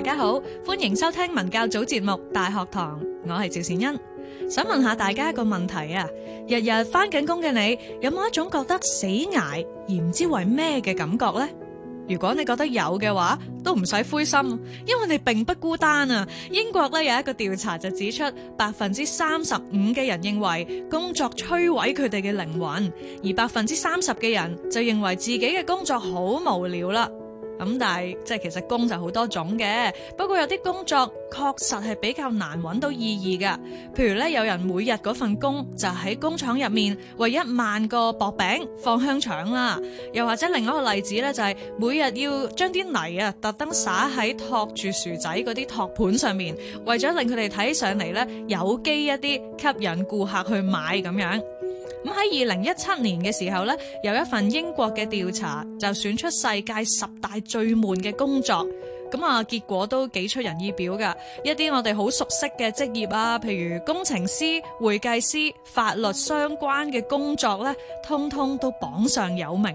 大家好，歡迎收聽文教組節目《大學堂》，我係趙善恩，想問下大家一個問題啊，日日翻緊工嘅你有冇一種覺得死捱而唔知為咩嘅感覺呢？如果你覺得有嘅話，都唔使灰心，因為你並不孤單啊！英國咧有一個調查就指出，百分之三十五嘅人認為工作摧毀佢哋嘅靈魂，而百分之三十嘅人就認為自己嘅工作好無聊啦。咁但係即係其實工就好多種嘅，不過有啲工作確實係比較難揾到意義㗎。譬如咧，有人每日嗰份工就喺工廠入面為一萬個薄餅放香腸啦，又或者另一個例子咧就係每日要將啲泥啊特登灑喺托住薯仔嗰啲托盤上面，為咗令佢哋睇上嚟咧有機一啲，吸引顧客去買咁樣。咁喺二零一七年嘅時候呢，有一份英國嘅調查就選出世界十大最悶嘅工作，咁啊結果都幾出人意表㗎，一啲我哋好熟悉嘅職業啊，譬如工程師、會計師、法律相關嘅工作呢，通通都榜上有名。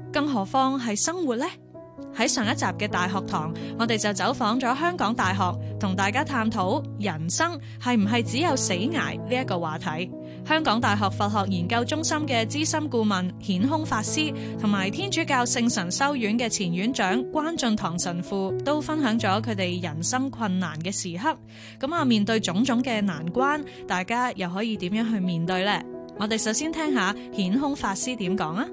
更何況係生活呢？喺上一集嘅大學堂，我哋就走訪咗香港大學，同大家探討人生係唔係只有死捱呢一個話題。香港大學佛學研究中心嘅資深顧問顯空法師，同埋天主教聖神修院嘅前院長關進堂神父都分享咗佢哋人生困難嘅時刻。咁啊，面對種種嘅難關，大家又可以點樣去面對呢？我哋首先聽下顯空法師點講啊！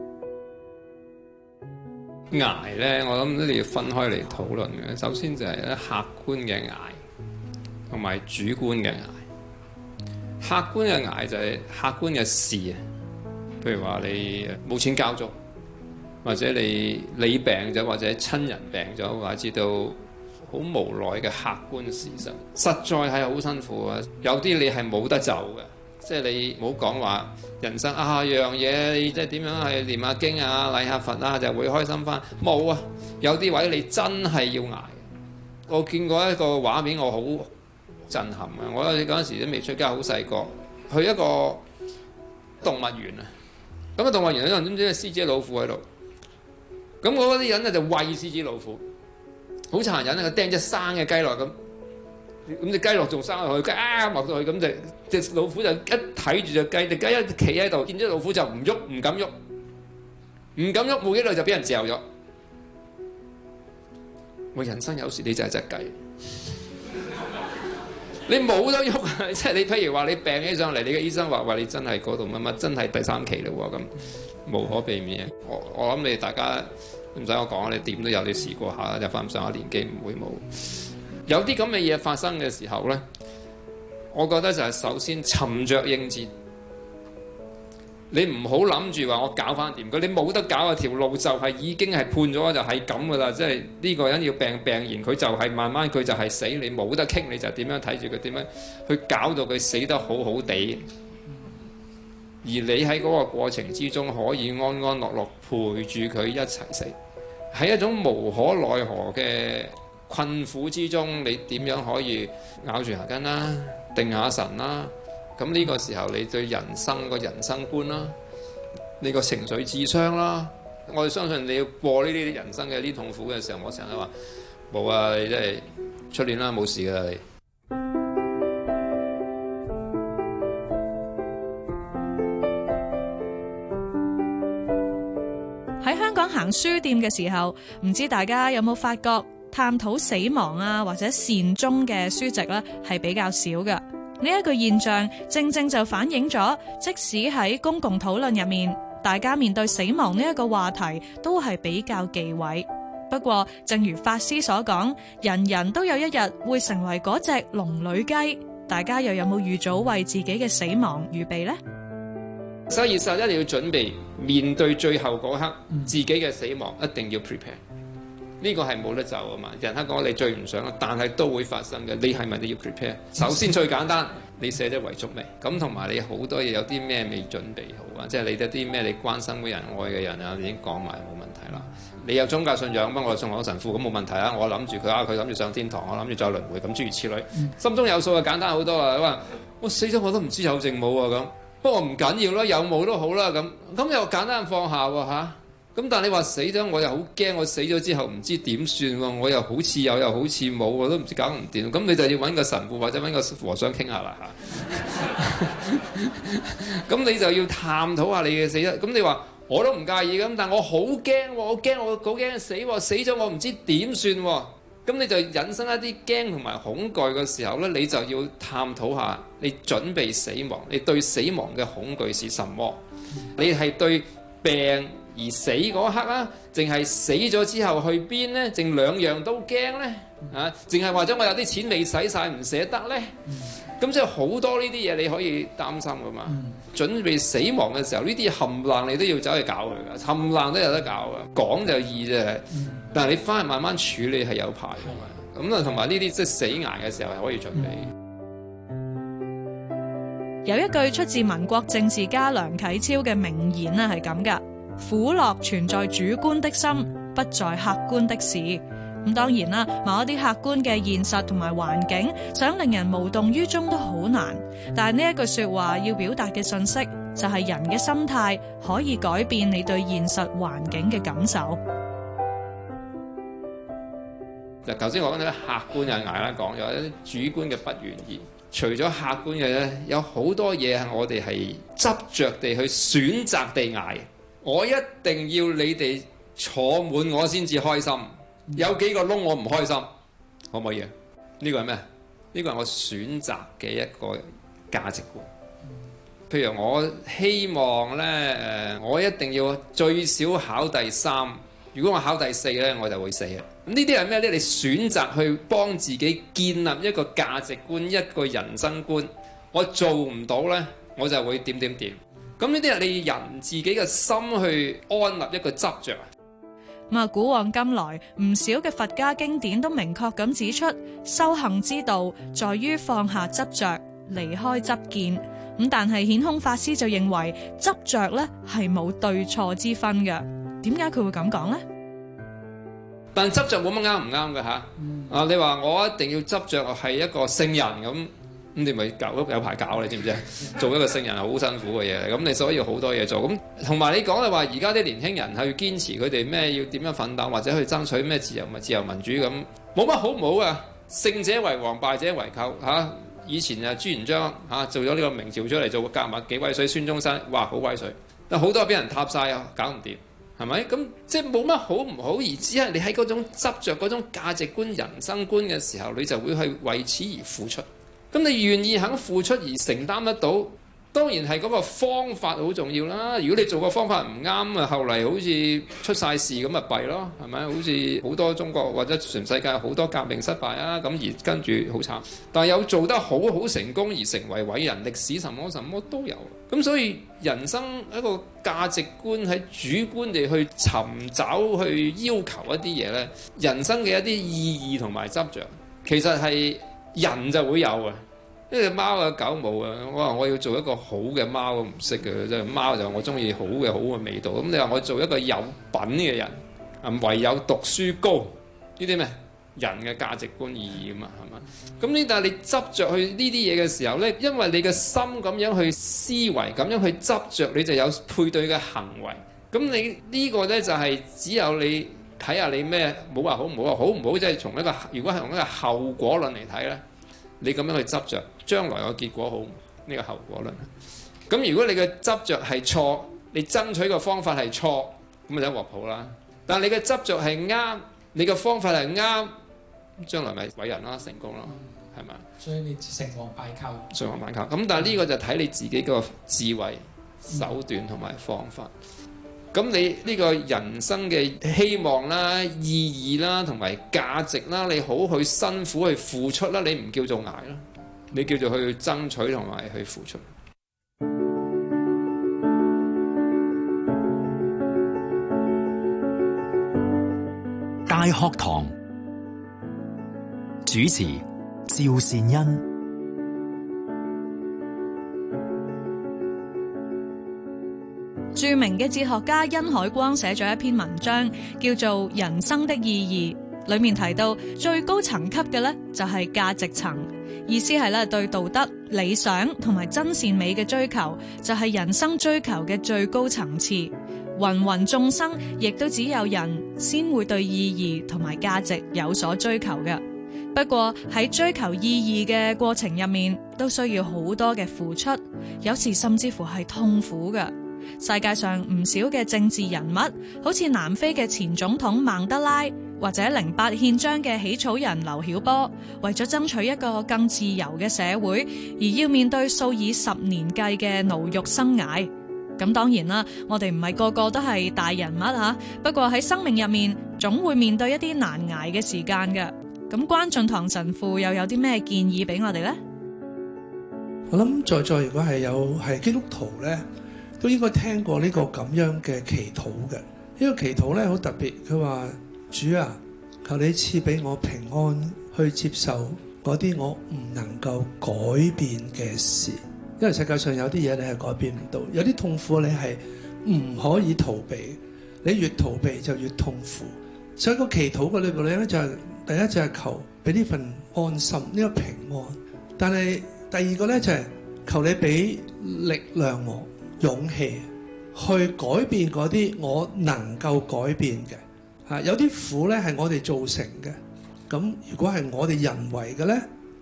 捱呢，我諗都要分開嚟討論嘅。首先就係一客觀嘅捱，同埋主觀嘅捱。客觀嘅捱就係客觀嘅事啊，譬如話你冇錢交租，或者你你病咗，或者親人病咗，或者到好無奈嘅客觀事實，實在係好辛苦啊。有啲你係冇得走嘅。即係你唔好講話人生啊樣嘢你，即係點樣去唸下經啊、禮下佛啊，就會開心翻。冇啊，有啲位你真係要捱。我見過一個畫面，我好震撼啊。我嗰陣時都未出家，好細個，去一個動物園啊。咁啊動物園，你知唔知啊？獅子老虎喺度。咁嗰啲人咧就餵獅子老虎，好殘忍啊！佢掟隻生嘅雞落咁。咁隻雞落仲生落去，雞啊擘落去咁就隻老虎就一睇住隻雞，隻雞一企喺度，見咗老虎就唔喐，唔敢喐，唔敢喐，冇幾耐就俾人嚼咗。我人生有時呢就係隻雞， 你冇得喐啊！即係你，譬如話你病起上嚟，你嘅醫生話話你真係嗰度乜乜，真係第三期嘞喎！咁無可避免。我我諗你大家唔使我講，你點都有你試過下，又翻上下，年紀唔會冇。有啲咁嘅嘢發生嘅時候呢，我覺得就係首先沉着應戰，你唔好諗住話我搞翻掂佢，你冇得搞啊！條路就係已經係判咗，就係咁噶啦！即係呢個人要病病完，佢就係慢慢佢就係死，你冇得傾，你就點樣睇住佢點樣去搞到佢死得好好地，而你喺嗰個過程之中可以安安樂樂陪住佢一齊死，係一種無可奈何嘅。困苦之中，你點樣可以咬住牙根啦、定下神啦？咁呢個時候，你對人生個人生觀啦，你個情緒智商啦，我哋相信你要過呢啲人生嘅啲痛苦嘅時候，我成日都話冇啊，你真係出亂啦，冇事㗎喇。喺香港行書店嘅時候，唔知大家有冇發覺？探討死亡啊或者善終嘅書籍呢、啊，係比較少嘅。呢、這、一個現象正正就反映咗，即使喺公共討論入面，大家面對死亡呢一個話題都係比較忌諱。不過，正如法師所講，人人都有一日會成為嗰隻龍女雞，大家又有冇預早為自己嘅死亡預備呢？所以，二十一,一定要準備面對最後嗰刻自己嘅死亡，一定要 prepare。呢個係冇得就啊嘛！人哋講你最唔想，但係都會發生嘅。你係咪都要 prepare？ 首先最簡單，你寫咗遺囑未？咁同埋你好多嘢有啲咩未準備好啊？即係你啲啲咩你關心嘅人、愛嘅人啊，你已經講埋冇問題啦。 你有宗教信仰乜？我信我神父咁冇問題啊！我諗住佢啊，佢諗住上天堂，我諗住再輪迴咁，諸如此類。嗯、心中有數就簡單好多哇啊。咁啊，我死咗我都唔知有正冇啊咁，不過唔緊要咯，有冇都好啦咁。咁又簡單放下喎、啊啊咁但係你話死咗，我又好驚。我死咗之後唔知點算喎，我又好似有又好似冇，我都唔知搞唔掂。咁你就要揾個神父或者揾個和尚傾下啦。咁 你就要探討下你嘅死啦。咁你話我都唔介意咁，但我好驚喎，我驚我好驚死，死咗我唔知點算。咁你就引申一啲驚同埋恐懼嘅時候呢，你就要探討下你準備死亡，你對死亡嘅恐懼是什麼？你係對病？而死嗰刻啊，淨係死咗之後去邊呢？淨兩樣都驚呢？嗯、啊，淨係話咗我有啲錢未使晒唔捨得呢？咁即係好多呢啲嘢你可以擔心噶嘛。嗯、準備死亡嘅時候，呢啲冚唪唥你都要走去搞佢噶，冚唪唥都有得搞噶。講就易啫，嗯、但係你翻去慢慢處理係有排嘅。咁啊、嗯，同埋呢啲即係死捱嘅時候係可以準備。嗯嗯、有一句出自民國政治家梁啟超嘅名言啊，係咁噶。苦樂存在主觀的心，不在客觀的事。咁當然啦，某一啲客觀嘅現實同埋環境，想令人無動於衷都好難。但係呢一句說話要表達嘅信息，就係、是、人嘅心態可以改變你對現實環境嘅感受。嗱，頭先我講啲客觀嘅挨啦，講咗一啲主觀嘅不願意。除咗客觀嘅咧，有好多嘢係我哋係執着地去選擇地挨。我一定要你哋坐滿我先至開心，有幾個窿我唔開心，可唔可以？呢個係咩？呢個係我選擇嘅一個價值觀。譬如我希望呢，誒，我一定要最少考第三，如果我考第四呢，我就會死啊！呢啲係咩呢？你選擇去幫自己建立一個價值觀，一個人生觀。我做唔到呢，我就會點點點。咁呢啲係你人自己嘅心去安立一個執着。啊！咁啊，古往今來唔少嘅佛家經典都明確咁指出，修行之道在於放下執着，離開執見。咁但係顯空法師就認為執着呢係冇對錯之分嘅。點解佢會咁講呢？但執着冇乜啱唔啱嘅吓？啊、嗯，你話我一定要執着我係一個聖人咁。咁你咪搞有排搞你知唔知？做一個聖人係好辛苦嘅嘢，咁你所以好多嘢做。咁同埋你講嘅話，而家啲年輕人去堅持佢哋咩？要點樣奮鬥，或者去爭取咩自由、咪自由民主咁，冇乜好唔好啊？勝者為王，敗者為寇。吓、啊、以前啊，朱元璋、啊、做咗呢個明朝出嚟做革命，幾威水？孫中山哇，好威水，但好多俾人踏晒啊，搞唔掂，係咪？咁即冇乜好唔好而？而只係你喺嗰種執著嗰種價值觀、人生觀嘅時候，你就會去為此而付出。咁你願意肯付出而承擔得到，當然係嗰個方法好重要啦。如果你做個方法唔啱啊，後嚟好似出晒事咁咪弊咯，係咪？好似好多中國或者全世界好多革命失敗啊，咁而跟住好慘。但係有做得好好成功而成為偉人，歷史什麼什麼都有。咁所以人生一個價值觀喺主觀地去尋找去要求一啲嘢呢，人生嘅一啲意義同埋執着，其實係。人就會有啊，呢隻貓啊狗冇啊。我話我要做一個好嘅貓，唔識嘅即係貓就我中意好嘅好嘅味道。咁你話我要做一個有品嘅人，唯有讀書高呢啲咩？人嘅價值觀意義啊嘛，係嘛？咁呢，但係你執着去呢啲嘢嘅時候呢，因為你嘅心咁樣去思維，咁樣去執着，你就有配對嘅行為。咁你呢個呢，就係只有你。睇下你咩，冇話好唔好啊？好唔好即係從一個，如果係用一個後果論嚟睇咧，你咁樣去執着，將來個結果好，呢個後果論。咁如果你嘅執着係錯，你爭取個方法係錯，咁就一鑊泡啦。但係你嘅執着係啱，你嘅方法係啱，咁將來咪偉人啦，成功啦，係咪？所以你成王敗寇。成王敗寇。咁但係呢個就睇你自己個智慧、手段同埋方法。咁你呢個人生嘅希望啦、意義啦、同埋價值啦，你好去辛苦去付出啦，你唔叫做捱啦，你叫做去爭取同埋去付出。大學堂主持趙善恩。著名嘅哲學家殷海光寫咗一篇文章，叫做《人生的意義》，裏面提到最高層級嘅呢，就係價值層，意思係咧對道德、理想同埋真善美嘅追求就係人生追求嘅最高層次。芸芸眾生亦都只有人先會對意義同埋價值有所追求嘅。不過喺追求意義嘅過程入面，都需要好多嘅付出，有時甚至乎係痛苦嘅。世界上唔少嘅政治人物，好似南非嘅前總統曼德拉，或者零八憲章嘅起草人劉曉波，為咗爭取一個更自由嘅社會，而要面對數以十年計嘅牢獄生涯。咁當然啦，我哋唔係個個都係大人物吓，不過喺生命入面，總會面對一啲難挨嘅時間嘅。咁關俊堂神父又有啲咩建議俾我哋咧？我諗在座如果係有係基督徒咧，都應該聽過呢個咁樣嘅祈禱嘅，呢個祈禱呢，好特別。佢話：主啊，求你賜俾我平安去接受嗰啲我唔能夠改變嘅事，因為世界上有啲嘢你係改變唔到，有啲痛苦你係唔可以逃避。你越逃避就越痛苦。所以個祈禱嘅裏面呢，就係第一就係求俾呢份安心呢個平安，但係第二個呢，就係求你俾力量我。勇氣去改變嗰啲我能夠改變嘅嚇，有啲苦呢係我哋造成嘅。咁如果係我哋人為嘅呢，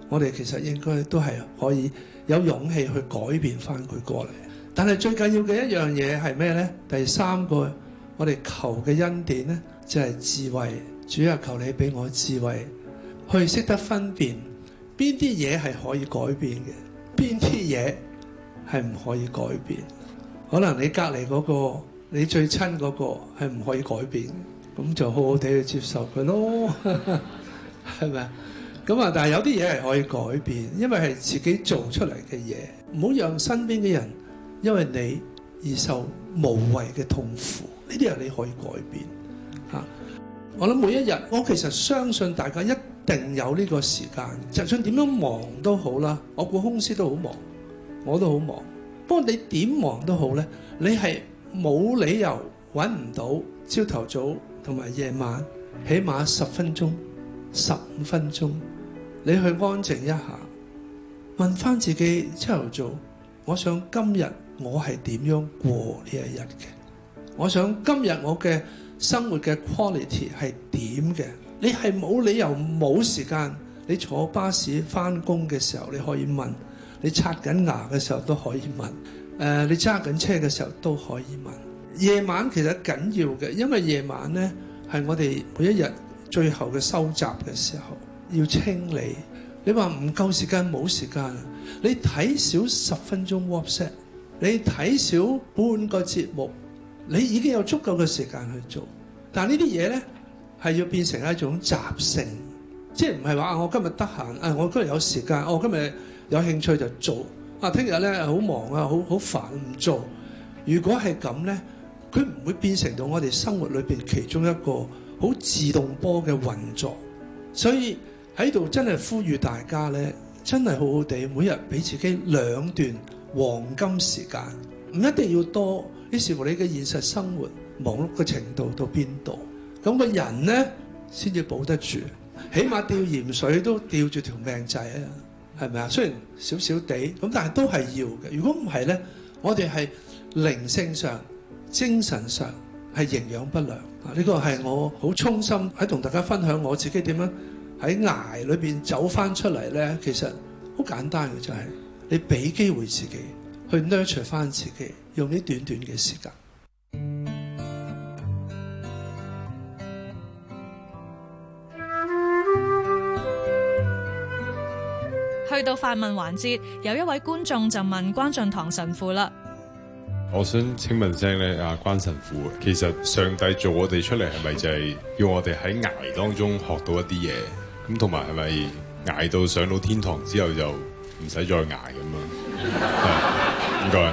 我哋其實應該都係可以有勇氣去改變翻佢過嚟。但係最緊要嘅一樣嘢係咩呢？第三個我哋求嘅恩典呢，就係智慧。主啊，求你俾我智慧，去識得分辨邊啲嘢係可以改變嘅，邊啲嘢係唔可以改變嘅。可能你隔離嗰個，你最親嗰個係唔可以改變，咁就好好地去接受佢咯，係咪？咁啊，但係有啲嘢係可以改變，因為係自己做出嚟嘅嘢，唔好讓身邊嘅人因為你而受無謂嘅痛苦，呢啲係你可以改變。我諗每一日，我其實相信大家一定有呢個時間，就算點樣忙都好啦。我估公司都好忙，我都好忙。不過你點忙都好咧，你係冇理由揾唔到朝頭早同埋夜晚，起碼十分鐘、十五分鐘，你去安靜一下，問返自己：朝頭早，我想今日我係點樣過呢一日嘅？我想今日我嘅生活嘅 quality 係點嘅？你係冇理由冇時間，你坐巴士返工嘅時候，你可以問。你刷緊牙嘅時候都可以問，誒你揸緊車嘅時候都可以問。夜晚其實緊要嘅，因為夜晚呢係我哋每一日最後嘅收集嘅時候，要清理。你話唔夠時間冇時間，你睇少十分鐘 WhatsApp，你睇少半個節目，你已經有足夠嘅時間去做。但係呢啲嘢呢係要變成一種習性，即係唔係話我今日得閒啊，我今日有，有時間，我今日。有興趣就做啊！聽日呢好忙啊，好好煩唔做。如果係咁呢，佢唔會變成到我哋生活裏面其中一個好自動波嘅運作。所以喺度真係呼籲大家呢，真係好好地每日俾自己兩段黃金時間，唔一定要多。於是乎你嘅現實生活忙碌嘅程度到邊度，咁、那個人呢，先至保得住，起碼吊鹽水都吊住條命仔啊！係咪啊？雖然少少啲，咁但係都係要嘅。如果唔係呢，我哋係靈性上、精神上係營養不良。啊，呢個係我好衷心喺同大家分享我自己點樣喺捱裏邊走翻出嚟呢。其實好簡單嘅，就係你俾機會自己去 nurture 翻自己，用呢短短嘅時間。到發問環節，有一位觀眾就問關俊棠神父啦。我想請問聲咧，阿關神父，其實上帝做我哋出嚟係咪就係要我哋喺捱當中學到一啲嘢？咁同埋係咪捱到上到天堂之後就唔使再捱咁樣？唔該， 謝謝。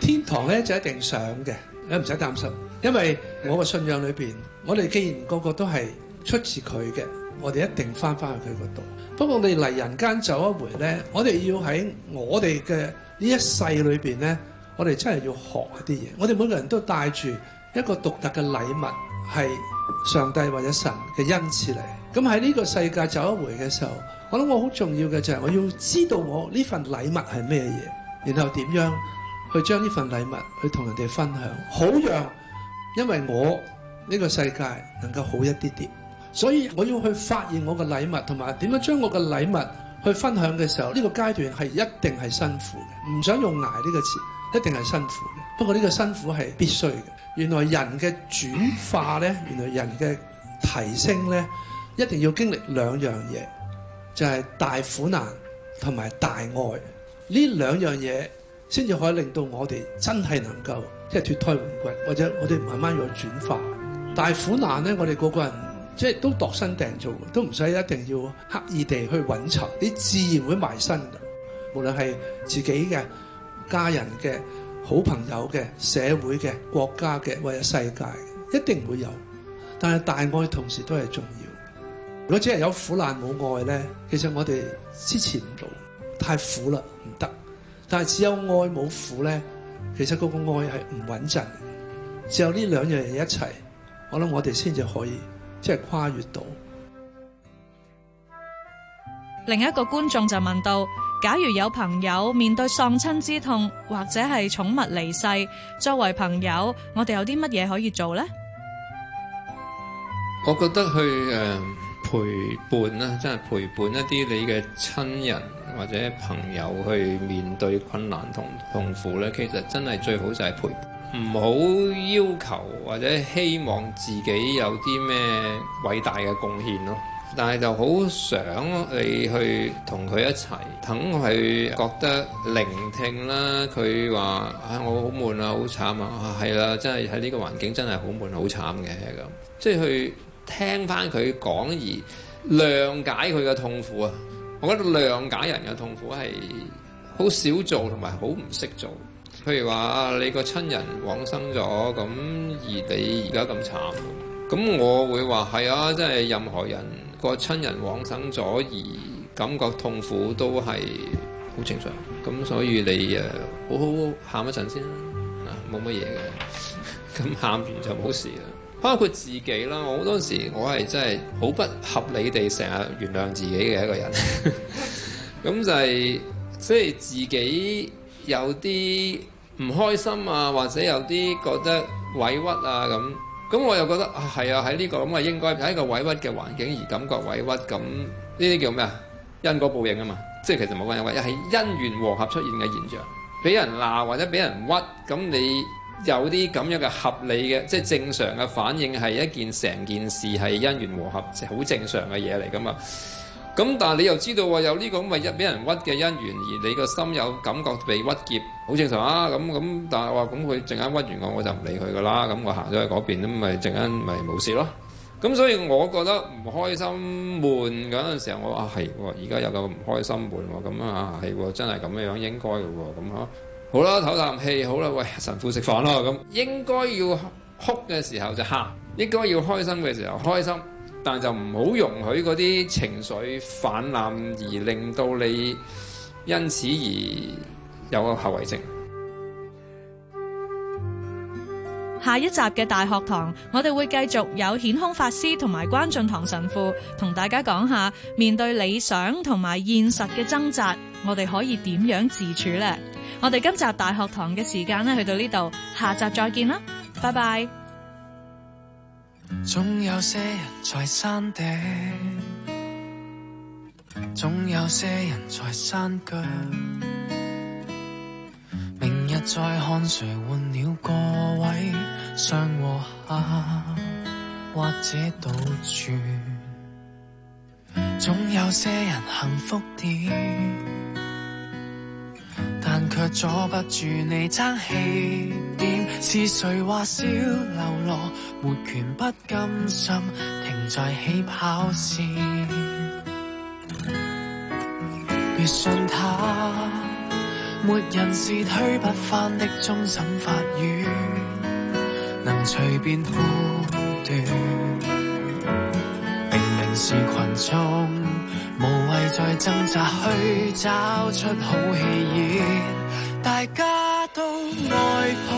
天堂咧就一定上嘅，你唔使擔心，因為我個信仰裏邊，我哋既然個個都係出自佢嘅。我哋一定返返去佢嗰度。不過我哋嚟人間走一回呢，我哋要喺我哋嘅呢一世裏邊呢，我哋真係要學一啲嘢。我哋每個人都帶住一個獨特嘅禮物，係上帝或者神嘅恩賜嚟。咁喺呢個世界走一回嘅時候，我諗我好重要嘅就係我要知道我呢份禮物係咩嘢，然後點樣去將呢份禮物去同人哋分享，好讓因為我呢個世界能夠好一啲啲。所以我要去發現我嘅禮物，同埋點樣將我嘅禮物去分享嘅時候，呢個階段係一定係辛苦嘅，唔想用捱呢個詞，一定係辛苦嘅。不過呢個辛苦係必須嘅。原來人嘅轉化咧，原來人嘅提升咧，一定要經歷兩樣嘢，就係大苦難同埋大愛呢兩樣嘢，先至可以令到我哋真係能夠即係脫胎換骨，或者我哋慢慢要轉化。大苦難咧，我哋個個人。即係都度身訂造，都唔使一定要刻意地去揾尋，你自然會埋身。無論係自己嘅、家人嘅、好朋友嘅、社會嘅、國家嘅，或者世界，一定會有。但係大愛同時都係重要的。如果只係有苦難冇愛咧，其實我哋支持唔到，太苦啦唔得。但係只有愛冇苦咧，其實嗰個愛係唔穩陣。只有呢兩樣嘢一齊，我諗我哋先至可以。即係跨越到另一個觀眾就問到：假如有朋友面對喪親之痛，或者係寵物離世，作為朋友，我哋有啲乜嘢可以做呢？我覺得去、呃、陪伴啦，即係陪伴一啲你嘅親人或者朋友去面對困難同痛苦咧，其實真係最好就係陪伴。唔好要，要求或者希望自己有啲咩偉大嘅貢獻咯，但係就好想你去同佢一齊，等佢覺得聆聽啦。佢話、哎：啊，我好悶啊，好慘啊，係啦，真係喺呢個環境真係好悶好慘嘅咁。即係去聽翻佢講而諒解佢嘅痛苦啊！我覺得諒解人嘅痛苦係好少做同埋好唔識做。譬如話你個親人往生咗，咁而你而家咁慘，咁我會話係啊，即係任何人個親人往生咗而感覺痛苦都係好正常，咁所以你誒好好喊一陣先啦，冇乜嘢嘅，咁喊完就冇事啦。包括自己啦，我好多時我係真係好不合理地成日原諒自己嘅一個人，咁 就係、是、即係自己。有啲唔開心啊，或者有啲覺得委屈啊咁，咁我又覺得係啊喺呢個咁啊應該喺一個委屈嘅環境而感覺委屈，咁呢啲叫咩啊？因果報應啊嘛，即係其實冇關係，係因緣和合出現嘅現象，俾人鬧或者俾人屈，咁你有啲咁樣嘅合理嘅，即係正常嘅反應係一件成件事係因緣和合好正常嘅嘢嚟噶嘛。咁但係你又知道話有呢個咁咪一俾人屈嘅因緣，而你個心有感覺被屈劫，好正常啊！咁咁，但係話咁佢陣間屈完我，我就唔理佢噶啦。咁我行咗去嗰邊，咁咪陣間咪冇事咯。咁所以我覺得唔開心悶嗰陣時候，我啊係喎，而家有個唔開心悶喎，咁啊係喎，真係咁樣樣應該嘅喎，咁嚇好啦，唞啖氣，好啦，喂神父食飯啦，咁應該要哭嘅時候就喊，應該要開心嘅時候開心。但就唔好容許嗰啲情緒泛濫，而令到你因此而有個後遺症。下一集嘅大學堂，我哋會繼續有顯空法師同埋關俊棠神父同大家講下，面對理想同埋現實嘅掙扎，我哋可以點樣自處呢？我哋今集大學堂嘅時間呢，去到呢度，下集再見啦，拜拜。總有些人在山頂，總有些人在山腳。明日再看誰換了個位上和下，或者倒轉。總有些人幸福點，但卻阻不住你爭氣點。是誰話少流落，沒權不甘心停在起跑線。別信他，沒人是推不翻的終審法院，能隨便判斷。明明是群眾，無謂再掙扎去找出好戲演，大家都愛。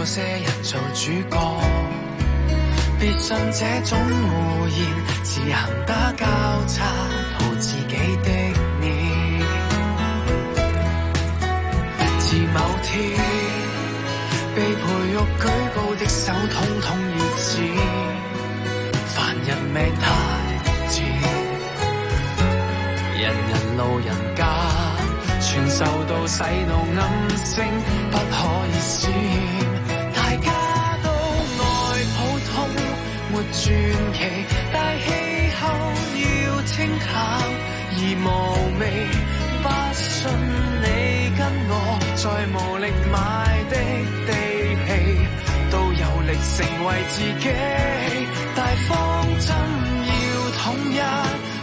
有些人做主角，別信這種胡言，自行打交叉，塗自己的臉。自某天，被培育舉高，的手通通遏止。凡人命太賤，人人路人甲，傳受到洗腦暗示，不可以閃。傳奇大氣候要清淡而無味，不信你跟我在無力買的地皮，都有力成為自己。大方真要統一，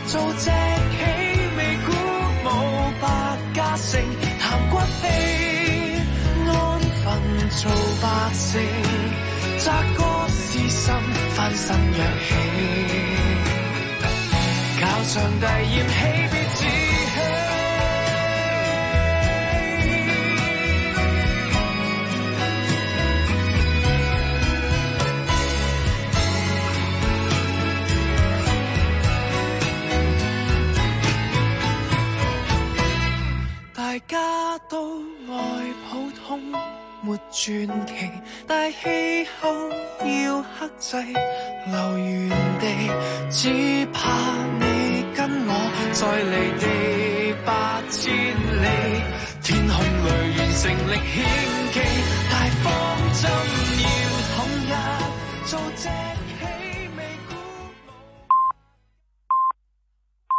做只起未鼓舞百家姓，談骨氣，安分做百姓，扎翻身躍起，教上帝嫌起必自欺。大家都愛普通，沒傳奇。大氣候要克制，留原地，只怕你跟我在離地八千里，天空裡完成歷險記，大方針要統一，做這。